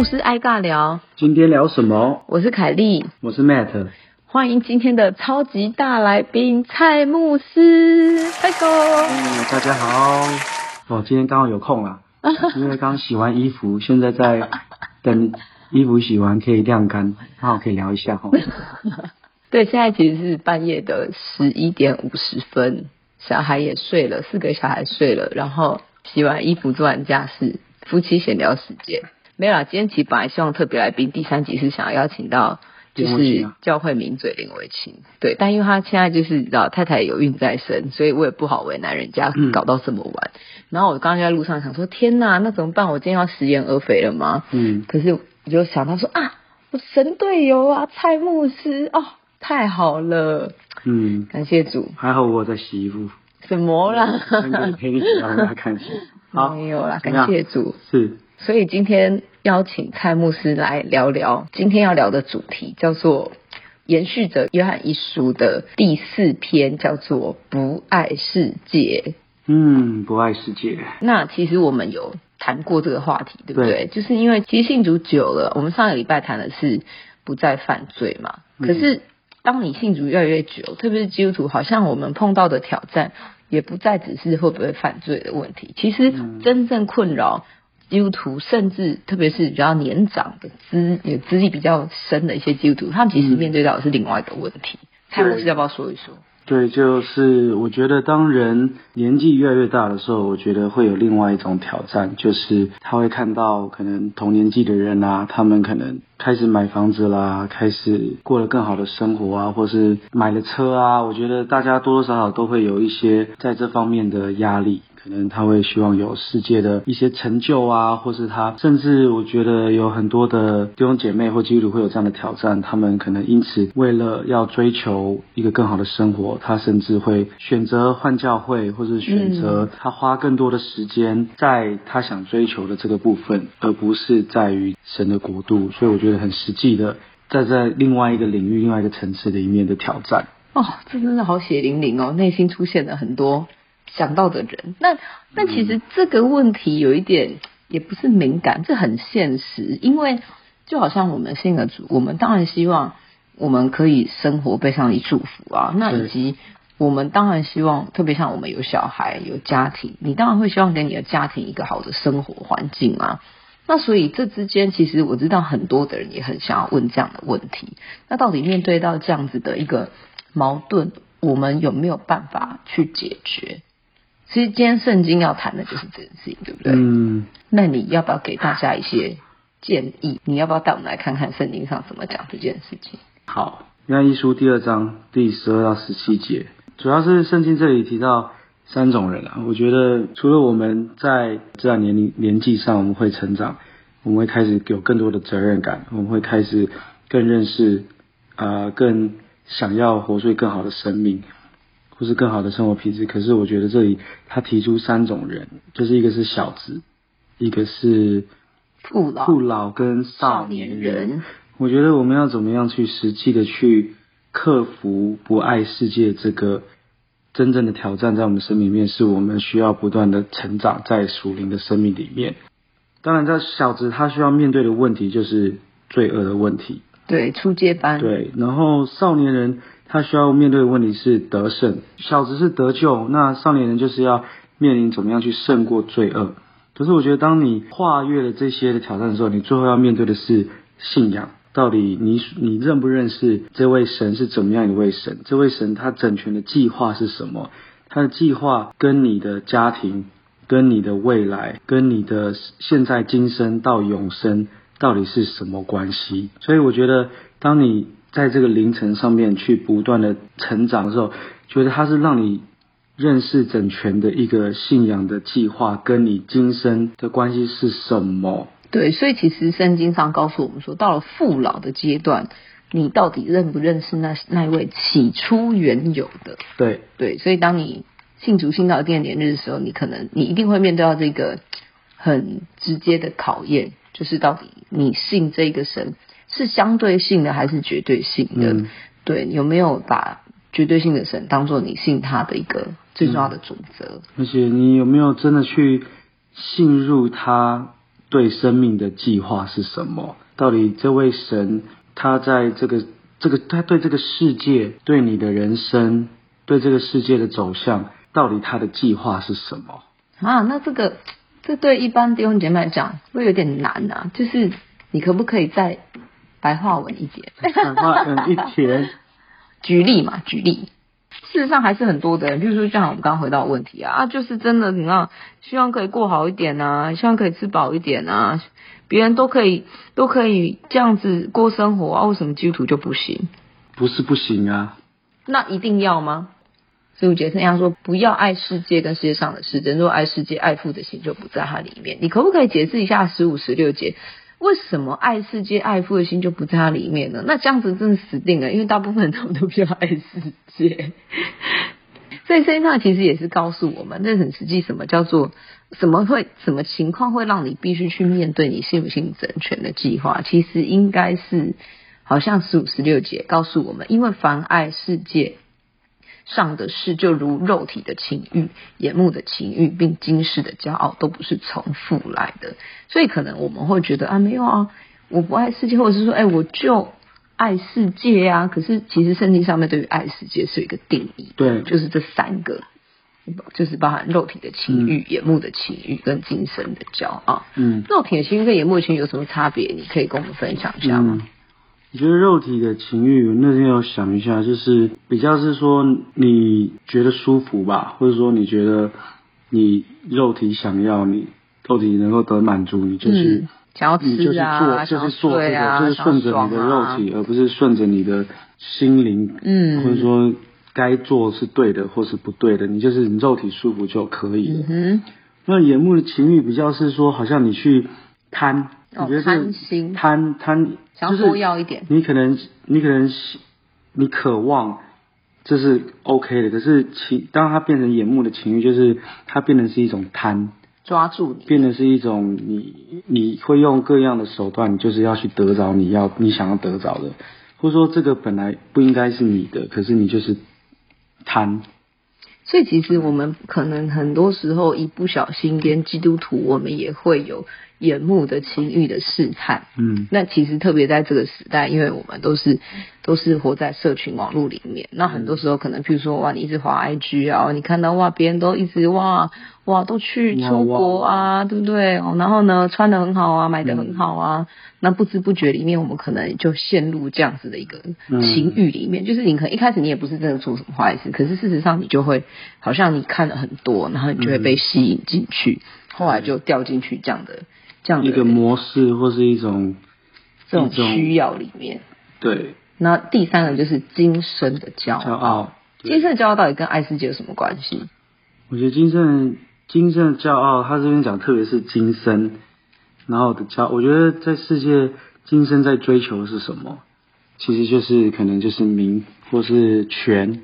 牧師愛尬聊，今天聊什麼？我是凱莉，我是 Matt，歡迎今天的超級大來賓蔡牧師，蔡哥、嗯，大家好，我、哦、今天剛好有空了， 因為剛洗完衣服，現在在等衣服洗完可以晾乾， 然後可以聊一下哈、哦。 對，現在其實是半夜的十一點五十分，小孩也睡了，四個小孩睡了，然後洗完衣服做完家事，夫妻閒聊時間。沒有啦，今天其實本來希望特別來賓第三集是想要邀請到就是教會名嘴林維琴，維琴啊、對，但因為他現在就是老太太有孕在身，所以我也不好為難人家，搞到這麼晚。嗯、然後我剛剛在路上想說，天吶，那怎麼辦？我今天要食言而肥了嗎？嗯，可是我就想到說啊，我神隊友啊，蔡牧師哦，太好了，嗯，感謝主，還好我在洗衣服，怎麼啦？可以一起讓人家看戲，沒有啦，感謝主，是，所以今天。邀請蔡牧師來聊聊今天要聊的主題，叫做延續着約翰一書的第四篇，叫做“不愛世界”。嗯，不愛世界。那其實我們有談過這個話題，對不對？對。就是因為其實信主久了，我們上個禮拜談的是不再犯罪嘛。可是當你信主越來越久，嗯、特別是基督徒，好像我們碰到的挑戰也不再只是會不會犯罪的問題。其實真正困擾。嗯基督徒，甚至特別是比較年長的資也資歷比較深的一些基督徒，他們其實面對到的是另外一個問題。蔡博士要不要說一說？對，就是我覺得當人年紀越來越大的時候，我覺得會有另外一種挑戰，就是他會看到可能同年紀的人啊，他們可能開始買房子啦，開始過了更好的生活啊，或是買了車啊。我覺得大家多多少少都會有一些在這方面的壓力。可能他會希望有世界的一些成就啊，或是他甚至我覺得有很多的弟兄姐妹或基督徒會有這樣的挑戰，他們可能因此為了要追求一個更好的生活，他甚至會選擇換教會，或是選擇他花更多的時間在他想追求的這個部分，而不是在於神的國度。所以我覺得很實際的，在在另外一個領域、另外一個層次的一面的挑戰。哦，這真的好血淋淋哦，內心出現了很多。想到的人，那那其實這個問題有一點也不是敏感，嗯、這很現實，因為就好像我們信了主，我們當然希望我們可以生活被上帝祝福啊，那以及我們當然希望，特別像我們有小孩有家庭，你當然會希望給你的家庭一個好的生活環境啊，那所以這之間其實我知道很多的人也很想要問這樣的問題，那到底面對到這樣子的一個矛盾，我們有沒有辦法去解決？其實今天聖經要談的就是這件事情，對不對？嗯。那你要不要給大家一些建議？是你要不要帶我們來看看聖經上怎麼講這件事情？好，那《一書》第二章第十二到十七節，主要是聖經這裡提到三種人啊。我覺得除了我們在這樣年齡年紀上我們會成長，我們會開始有更多的責任感，我們會開始更認識，啊、呃，更想要活出更好的生命。不是更好的生活品質，可是我覺得這裡他提出三種人，就是一個是小子，一個是父老，父老跟少年人。年人我覺得我們要怎麼樣去實際的去克服不愛世界這個真正的挑戰，在我們生命裡面是我們需要不斷的成長在屬靈的生命裡面。當然，這小子他需要面對的問題就是罪惡的問題。對，初階班，對，然後少年人他需要面對的問題是得勝，小子是得救，那少年人就是要面臨怎麼樣去勝過罪惡。可是我覺得，當你跨越了這些的挑戰的時候，你最後要面對的是信仰。到底你你認不認識這位神是怎麼樣一位神？這位神他整全的計劃是什麼？他的計劃跟你的家庭、跟你的未來、跟你的現在今生到永生。到底是什麼關係？所以我覺得，當你在這個凌晨上面去不斷的成長的時候，覺得它是讓你認識整全的一個信仰的計劃，跟你今生的關係是什麼？對，所以其實聖經上告訴我們說，到了父老的階段，你到底認不認識那那一位起初原有的？對對，所以當你信主信到一定的年日的時候，你可能你一定會面對到這個很直接的考驗。就是到底你信這一個神是相對性的還是絕對性的？嗯、對，有沒有把絕對性的神當做你信他的一個最重要的準則、嗯？而且你有沒有真的去信入他對生命的計劃是什麼？到底這位神他在這個這個他對這個世界、對你的人生、對這個世界的走向，到底他的計劃是什麼？啊，那這個。這對一般弟兄姐妹來講，會有點難吶、啊。就是你可不可以再白話文一點？白話文一點。舉例嘛，舉例。事實上還是很多的，比如說，像我們剛剛回到問題啊，啊，就是真的你知道，希望可以過好一點吶、啊，希望可以吃飽一點吶、啊。別人都可以，都可以這樣子過生活啊，為什麼基督徒就不行？不是不行啊。那一定要嗎？十五節，是那樣說不要愛世界跟世界上的事，人若愛世界、愛父的心就不在他裡面。你可不可以解釋一下十五、十六節，為什麼愛世界、愛父的心就不在他裡面呢？那這樣子真的死定了，因為大部分人都比較愛世界。所以聖亞其實也是告訴我們，那很實際，什麼叫做什麼會什麼情況會讓你必須去面對你信不信整全的計劃？其實應該是好像十五、十六節告訴我們，因為凡愛世界。上的事，就如肉體的情欲、眼目的情欲，並今世的驕傲，都不是從父來的。所以可能我們會覺得啊、哎，沒有啊，我不愛世界，或者是說，哎、欸，我就愛世界啊。可是其實聖經上面對於愛世界是一個定義，對，就是這三個，就是包含肉體的情欲、嗯、眼目的情欲跟精神的驕傲。啊、嗯，肉體的情欲跟眼目的情欲有什麼差別？你可以跟我們分享一下嗎？嗯你覺得肉體的情欲，那天要想一下，就是比較是說你覺得舒服吧，或者說你覺得你肉體想要你肉體能夠得滿足，你就是、嗯啊、你就是做，啊、就是做、這個啊、就是順着你的肉體，啊、而不是順着你的心靈。嗯，或者說該做是對的，或者是不對的，你就是你肉體舒服就可以了。嗯哼，那眼目的情欲比較是說，好像你去貪，哦、你覺得是貪心，貪貪。一點。你可能你可能你渴望，這是 OK 的，可是情當它變成眼目的情欲，就是它變成是一種貪，抓住的，變成是一種你你會用各樣的手段，就是要去得着你要你想要得着的，或者說這個本來不應該是你的，可是你就是貪。所以其實我們可能很多時候一不小心，連基督徒我們也會有。眼目的情欲的試探，嗯，那其實特別在這個時代，因為我們都是都是活在社群網絡裡面，那很多時候可能，譬如說哇，你一直滑 IG 啊，你看到哇，別人都一直哇哇都去出國啊，哇哇對不對？哦、喔，然後呢，穿得很好啊，買得很好啊，嗯、那不知不覺裡面，我們可能就陷入這樣子的一個情欲裡面，嗯、就是你可能一開始你也不是真的做什麼壞事，可是事實上你就會好像你看了很多，然後你就會被吸引進去，嗯、後來就掉進去這樣的。這樣對對一個模式或是一種這種需要裡面，對。那第三個就是今生的驕傲，今生的驕傲到底跟愛世界有什麼關係？我覺得今生今生驕傲，他這邊講，特別是今生，然後的驕傲，我覺得在世界今生在追求的是什麼？其實就是可能就是名或是權。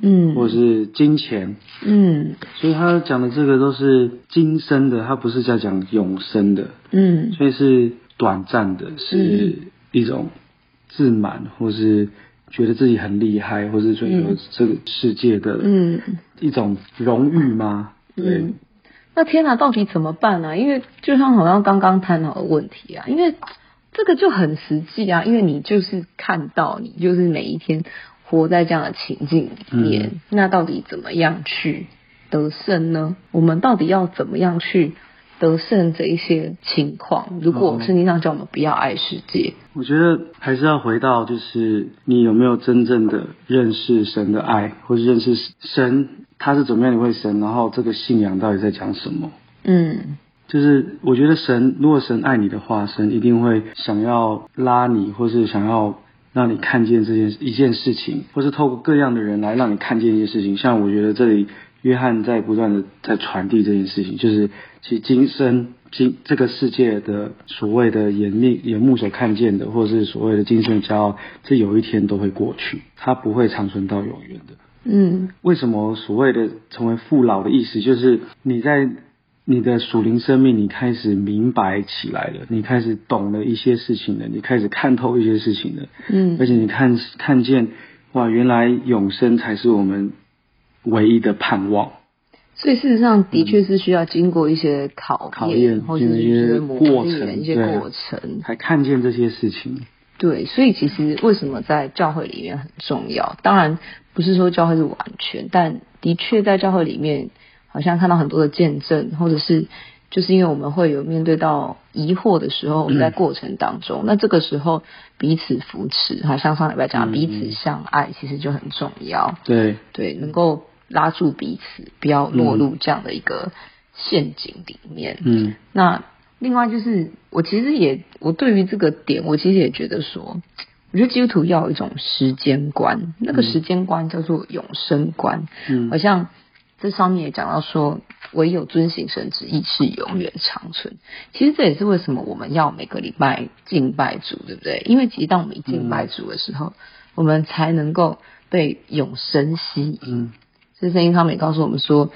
嗯，或是金錢，嗯，所以他講的這個都是今生的，他不是在講永生的，嗯，所以是短暫的，是一種自滿，嗯、或是覺得自己很厲害，或是說有這個世界的嗯一種榮譽嗎？對、嗯、那天哪、啊、到底怎麼辦呢、啊？因為就像好像剛剛探討的問題啊，因為這個就很實際啊，因為你就是看到你就是每一天。活在這樣的情境裡面，嗯、那到底怎麼樣去得勝呢？我們到底要怎麼樣去得勝這一些情況？如果我們聖經上叫我們不要愛世界，哦、我覺得還是要回到，就是你有沒有真正的認識神的愛，或是認識神他是怎麼樣一位神？然後這個信仰到底在講什麼？嗯，就是我覺得神，如果神愛你的話，神一定會想要拉你，或是想要。讓你看見這件一件事情，或是透過各樣的人來讓你看見一件事情。像我覺得這裡約翰在不斷的在傳遞這件事情，就是其實今生今這個世界的所謂的眼目眼目所看見的，或是所謂的今生驕傲，這有一天都會過去，它不會長存到永遠的。嗯，為什麼所謂的成為父老的意思，就是你在。你的屬靈生命，你開始明白起來了，你開始懂了一些事情了，你開始看透一些事情了，嗯，而且你看看見，哇，原來永生才是我們唯一的盼望。所以事實上的確是需要經過一些考驗，或者是一些磨練、一些過程，才看見這些事情。對，所以其實為什麼在教會裡面很重要？當然不是說教會是完全，但的確在教會裡面。好像看到很多的見證，或者是，就是因為我們會有面對到疑惑的時候，我們、嗯、在過程當中，那這個時候彼此扶持，好像上禮拜講彼此相愛，其實就很重要。對、嗯嗯、對，能夠拉住彼此，不要落入這樣的一個陷阱裡面。嗯，那另外就是，我其實也，我對於這個點，我其實也覺得說，我覺得基督徒要有一種時間觀，那個時間觀叫做永生觀，嗯、好像，這上面也講到說，唯有遵行神旨意是永遠長存。其實這也是為什麼我們要每個禮拜敬拜主，對不對？因為其實當我們一敬拜主的時候，嗯、我們才能夠被永生吸引。嗯、這聲音他們也告訴我們說，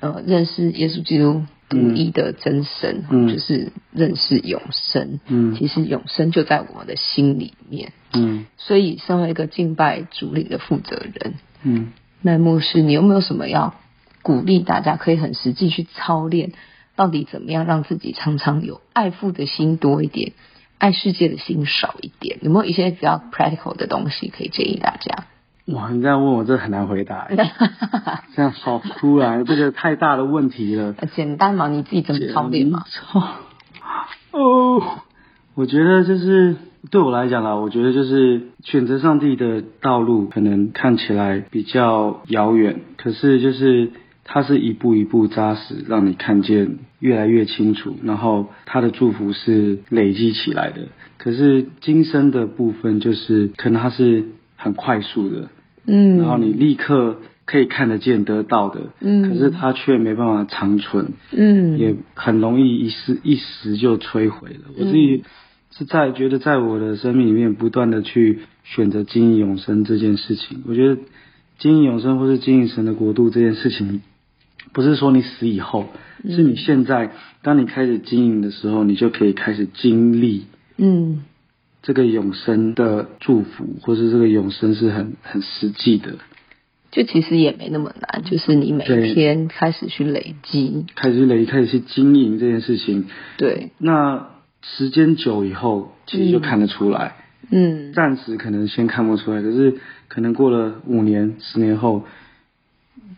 呃，認識耶穌基督獨一的真神，嗯、就是認識永生。嗯、其實永生就在我們的心裡面。嗯，所以身為一個敬拜主裡的負責人，嗯，那牧師，你有沒有什麼要？鼓勵大家可以很實際去操練，到底怎麼樣讓自己常常有愛父的心多一點，愛世界的心少一點？有沒有一些比較 practical 的東西可以建議大家？哇，你這樣問我，這很難回答， 這樣好突然，這個太大的問題了。簡單嘛，你自己怎麼操練嘛？錯 哦，我覺得就是對我來講啦，我覺得就是選擇上帝的道路，可能看起來比較遙遠，可是就是。它是一步一步扎實，讓你看見越來越清楚。然後它的祝福是累積起來的，可是今生的部分就是可能它是很快速的，嗯，然後你立刻可以看得見得到的，嗯，可是它卻沒辦法長存，嗯，也很容易一時一時就摧毀了。我自己是在，嗯，覺得在我的生命裡面不斷的去選擇經營永生這件事情，我覺得經營永生或是經營神的國度這件事情。不是說你死以後，嗯，是你現在當你開始經營的時候，你就可以開始經歷，嗯，這個永生的祝福，嗯，或是這個永生是很很實際的，就其實也沒那麼難，就是你每一天開始去累積，開始累，開始去經營這件事情，對，那時間久以後，其實就看得出來，嗯，暫時可能先看不出來，可是可能過了五年、十年後。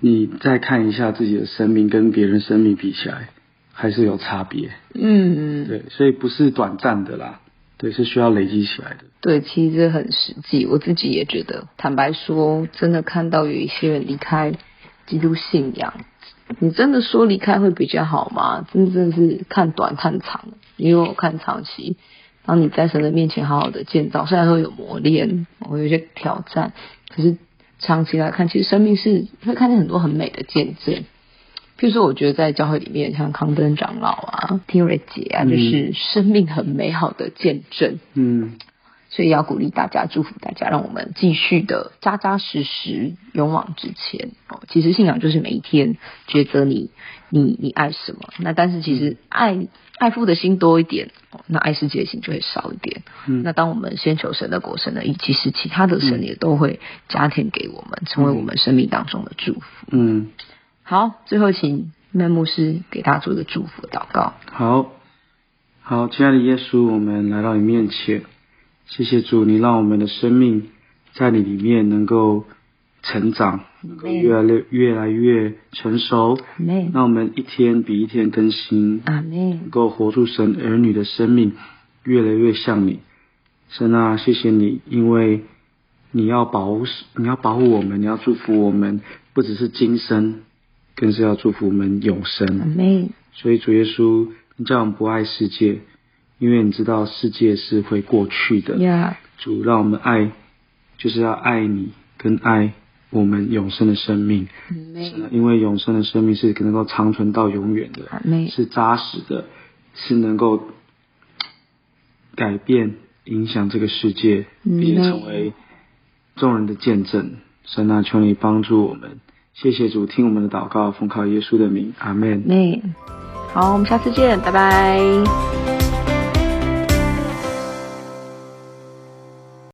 你再看一下自己的生命跟別人生命比起來，還是有差別。嗯嗯，對，所以不是短暫的啦，對，是需要累積起來的。對，其實這很實際，我自己也覺得。坦白說，真的看到有一些人離開基督信仰，你真的說離開會比較好嗎？真正是看短看長，因為我看長期，當你在神的面前好好的建造，雖然說有磨練，我有一些挑戰，可是。長期來看，其實生命是會看見很多很美的見證。譬如說，我覺得在教會裡面，像康登長老啊、天瑞姐啊，就是生命很美好的見證。嗯。嗯所以要鼓勵大家，祝福大家，讓我們繼續的扎扎實實、勇往直前哦。其實信仰就是每一天抉擇你、你、你愛什麼。那但是其實愛、嗯、愛父的心多一點，那愛世界的心就會少一點。嗯。那當我們先求神的國、神的義，其實其他的神也都會加添給我們，嗯、成為我們生命當中的祝福。嗯。好，最後請麥牧師給大家做一個祝福的禱告。好，好，親愛的耶穌，我們來到你面前。謝謝主，你讓我們的生命在你裡面能夠成長，能夠越來越越來越成熟。讓我們一天比一天更新，能夠活出神兒女的生命，越來越像你。神啊，謝謝你，因為你要保護，你要保護我們，你要祝福我們，不只是今生，更是要祝福我們永生。所以主耶穌，你叫我們不愛世界。因為你知道世界是會過去的，主讓我們愛，就是要愛你跟愛我們永生的生命，因為永生的生命是能夠長存到永遠的，是扎實的，是能夠改變影響這個世界，並且成為眾人的見證。神那、啊、求你幫助我們，謝謝主聽我們的禱告，奉靠耶穌的名，阿門。好，我們下次見，拜拜。